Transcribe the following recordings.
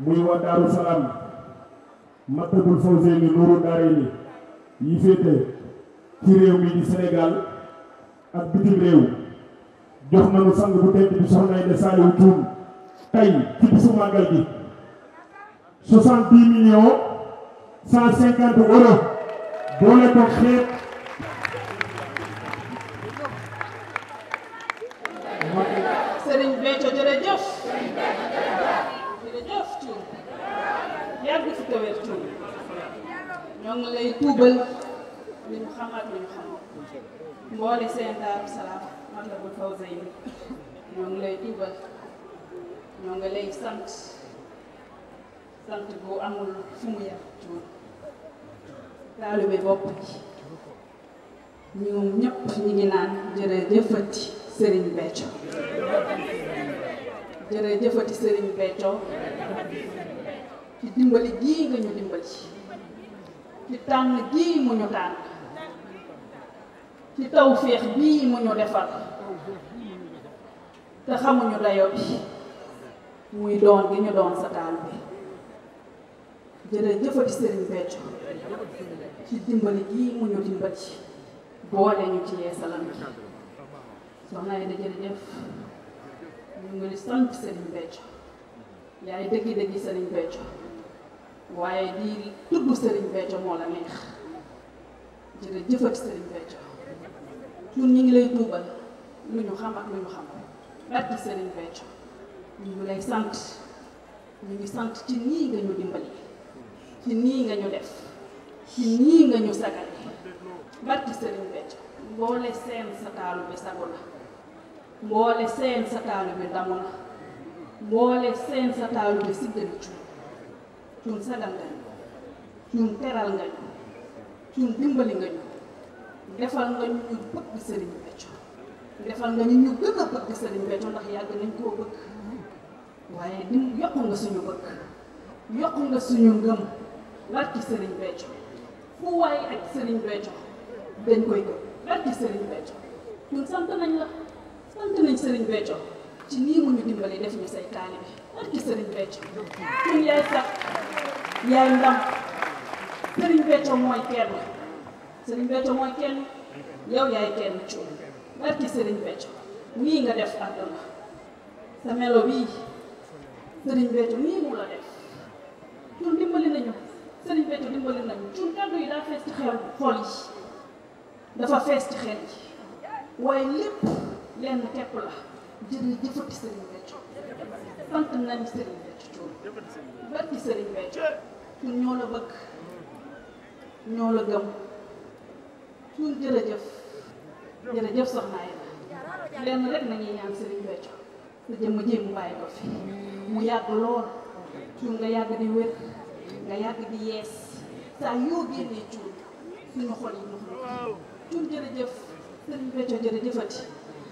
muy waa Daaru Salaam Matlabul Fawzeyni Nuuru Daarayni yi ci réew mi di Sénégal ak bitim réew jox nañu sang bu tedd bi Soxna Aïda Saliou Thioune tey ci bisu màggal gi soixante dix millions cent cinquante boole ko xeet jërëjëf Thioub yàgg ci tawet Thioub ñoo ngi lay tuubal li mu xam ak li mu xam mboole seen daaru salaam man la bu faw say ñoo ngi lay tuubal ñoo ngi lay sant sant bu amul fu mu yàq Thioub taalibe bopp ji ñoom ñëpp ñu ngi naan jërëjëfati Serigne Béthio jërëjëfati Serigne Béthio ci dimbali gii nga ñu dimbali ci tànn gii mu ñu tànn ci tawféex bii mu ñu defal te xamuñu dayo bi muy doon gi ñu doon sa taal bi jërëjëfati Serigne Béthio ci dimbali gii mu ñu dimbali boole ñu ci yeesalam bi soxna yi da jërëjëf ñu ngi sant Serigne Béthio yaay dëggi dëggi Serigne Béthio waaye di tudd Serigne Béthio moo la neex jërëjëfat Serigne Béthio ñun ñu ngi lay tuubal lu ñu xam ak lu ñu xam barki Serigne Béthio ñu lay sant ñu ngi sant ci nii nga ñu dimbali ci nii nga ñu def ci nii nga ñu sagale barki Serigne Béthio boole seen sa taalu bi sago mboole seen sa bi damu na mboole seen sa taalibe siddali cun cun sagal nga ñu cun teral nga ñu cun dimbali nga ñu defal nga ñu ñu bëgg sëriñ Béthio defal nga ñu ñu gën a bëgg sëriñ Béthio ndax yàgg nañ koo bëgg waaye dim yokk nga suñu bëgg yokk nga suñu ngëm barki sëriñ Béthio fu waaye ak sëriñ Béthio dañ koy gëm barki sëriñ Béthio ñun sant nañ la sant nañ Serigne Béthio ci nii mu ñu dimbali def ñu say taalibe barke Serigne Béthio ñun yaay sax yaay ndam Serigne Béthio mooy kenn Serigne Béthio mooy kenn yow yaay kenn cuub nga def àdduna sa melo bii Serigne Béthio nii mu la def ñun dimbali nañu Serigne Béthio dimbali nañu ñun kàddu yi daa fees ci xel xol yi dafa fees ci xel yi waaye lépp. lenn tepp la jëri jëfati Serigne Béthio sant nañ Serigne Béthio Thioune barki Serigne ñoo la bëgg ñoo la gëm ñun jërëjëf jërëjëf soxna yi lenn rek nañuy ñaan Serigne Béthio nga jëmm jéem mu bàyyi ko mu yàgg lool ñun nga yàgg di wér nga yàgg di yees saa yoo génnee Thioune suñu xol yi ñu Thioune jërëjëf Serigne Béthio jërëjëfati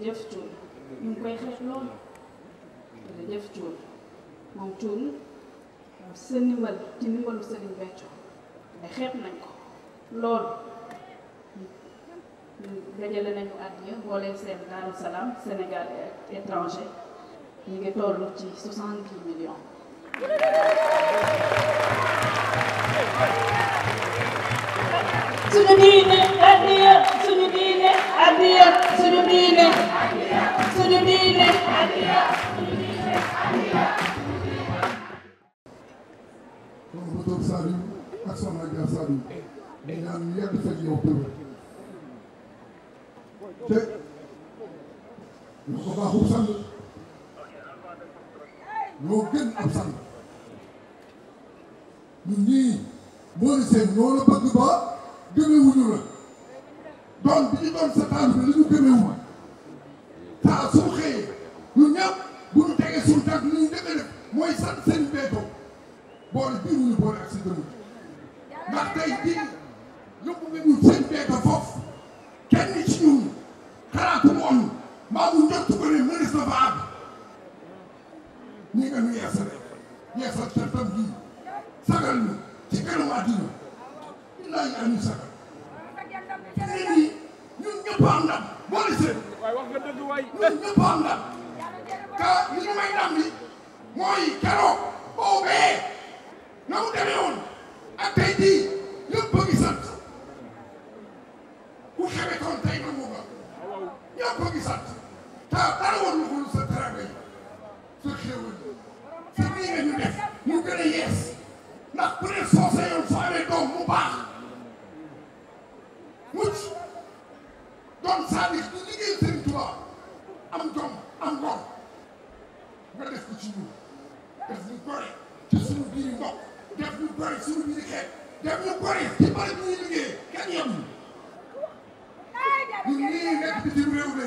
jërëjëf Thioune ñu ngi koy xeex lool jërëjëf Thioune moom Thioune sa ndimbal ci ndimbalu Sëriñ Béthio mais xeex nañ ko lool dajale nañu àddiya boolee seen Daaru Salaam Sénégal étranger ñu ngi toll ci soixante-dix millions suñu nii ne professeur te lu ko baaxul sant loo gën ab sant ñun ñii boo seen ñoo la bëgg ba gëmewuñu la doon bi ñu sa taal bi la ñu gëmewuma gëm tey jii yóbbu nga ñu seen béykat foofu kenn ci ñun xalaatu woon mbaa mu njort ko ne mënees na fa àgg ñi nga nu yeesale yeesal tëntam bii sagal na ci kanam àddina illaahi anu sagal nit ñi ñun ñëpp am ndam boo lisee ñun ñëpp am ndam ka li may ndam bi mooy keroog boo bee Não, Damião, atendi. def lu bëri suñu biir xeet def lu bëri ci bëri bu ñuy liggéey kenn yemul ñun ñii nekk bitim réew mi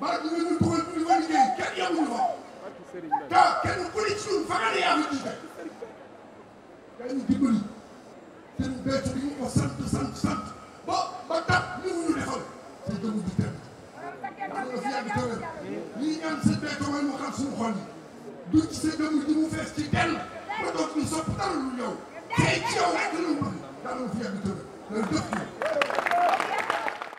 bëri bu ñu dugal bu ñu war liggéey kenn yemul ko te kenn ku ne suñu faxane yaa ngi jiite dañu dimbali seen bécc bi ñu ko sant sant sant ba ba tax li mu ñu defal te jëmu di tëdd ndax nga fi yàgg tëral ñii ñaan seen bécc wala mu xam suñu xol yi duñ ci sa jëmu ji mu fees ci dell dootuñu sopp dara lu ñëw tey ci yow rek la ñu mën daanaka fi yàgg tëdd loolu dëkk